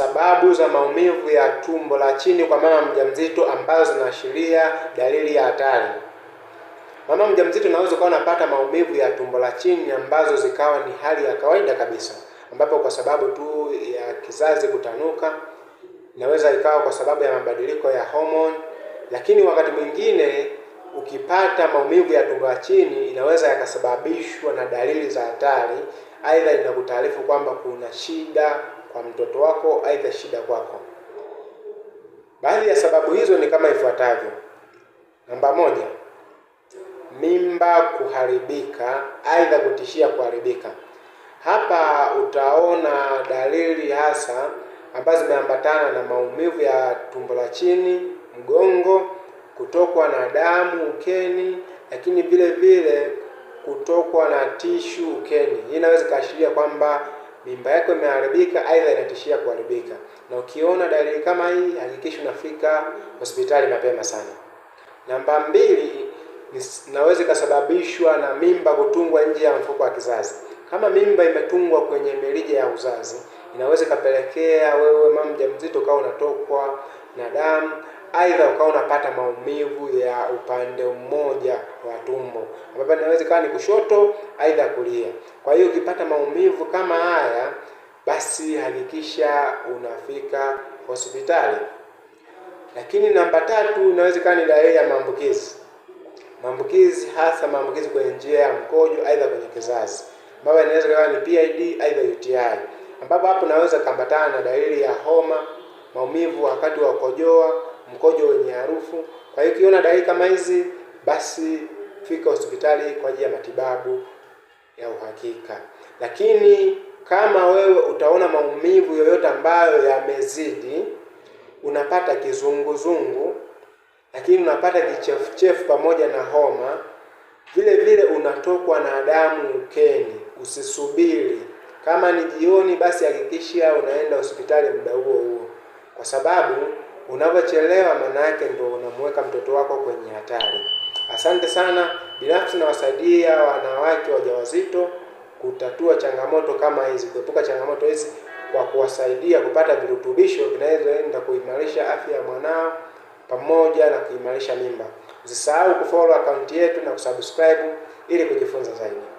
sababu za maumivu ya tumbo la chini kwa mama mjamzito ambazo zinaashiria dalili ya hatari. Mama mjamzito anaweza kuwa anapata maumivu ya tumbo la chini ambazo zikawa ni hali ya kawaida kabisa, ambapo kwa sababu tu ya kizazi kutanuka, inaweza ikawa kwa sababu ya mabadiliko ya homoni, lakini wakati mwingine ukipata maumivu ya tumbo la chini inaweza yakasababishwa na dalili za hatari. Aidha, inakutaarifu kwamba kuna shida kwa mtoto wako, aidha shida kwako. Baadhi ya sababu hizo ni kama ifuatavyo: namba moja, mimba kuharibika, aidha kutishia kuharibika. Hapa utaona dalili hasa ambazo zimeambatana na maumivu ya tumbo la chini, mgongo, kutokwa na damu ukeni, lakini vile vile kutokwa na tishu ukeni. Hii inaweza ikaashiria kwamba mimba yako imeharibika, aidha inatishia kuharibika. Na ukiona dalili kama hii, hakikisha unafika hospitali mapema sana. Namba mbili, inaweza ikasababishwa na mimba kutungwa nje ya mfuko wa kizazi. Kama mimba imetungwa kwenye mirija ya uzazi, inaweza ikapelekea wewe mama mjamzito ukawa unatokwa na damu aidha ukawa unapata maumivu ya upande mmoja wa tumbo, ambapo inaweza ikawa ni kushoto aidha kulia. Kwa hiyo ukipata maumivu kama haya, basi hakikisha unafika hospitali. Lakini namba tatu inaweza ikawa ni dalili ya maambukizi, maambukizi hasa maambukizi kwenye njia ya mkojo aidha kwenye kizazi, ambapo inaweza ikawa ni PID aidha UTI, ambapo hapo naweza kambatana na dalili ya homa, maumivu wakati wa kojoa mkojo wenye harufu. Kwa hiyo ukiona dalili kama hizi, basi fika hospitali kwa ajili ya matibabu ya uhakika. Lakini kama wewe utaona maumivu yoyote ambayo yamezidi, unapata kizunguzungu, lakini unapata kichefuchefu pamoja na homa, vile vile unatokwa na damu ukeni, usisubiri. Kama ni jioni, basi hakikisha unaenda hospitali muda huo huo, kwa sababu Unavyochelewa maana yake ndio unamweka mtoto wako kwenye hatari. Asante sana. Binafsi nawasaidia wanawake wajawazito kutatua changamoto kama hizi, kuepuka changamoto hizi kwa kuwasaidia kupata virutubisho vinavyoenda kuimarisha afya ya mwanao pamoja na kuimarisha mimba. Usisahau kufollow akaunti yetu na kusubscribe ili kujifunza zaidi.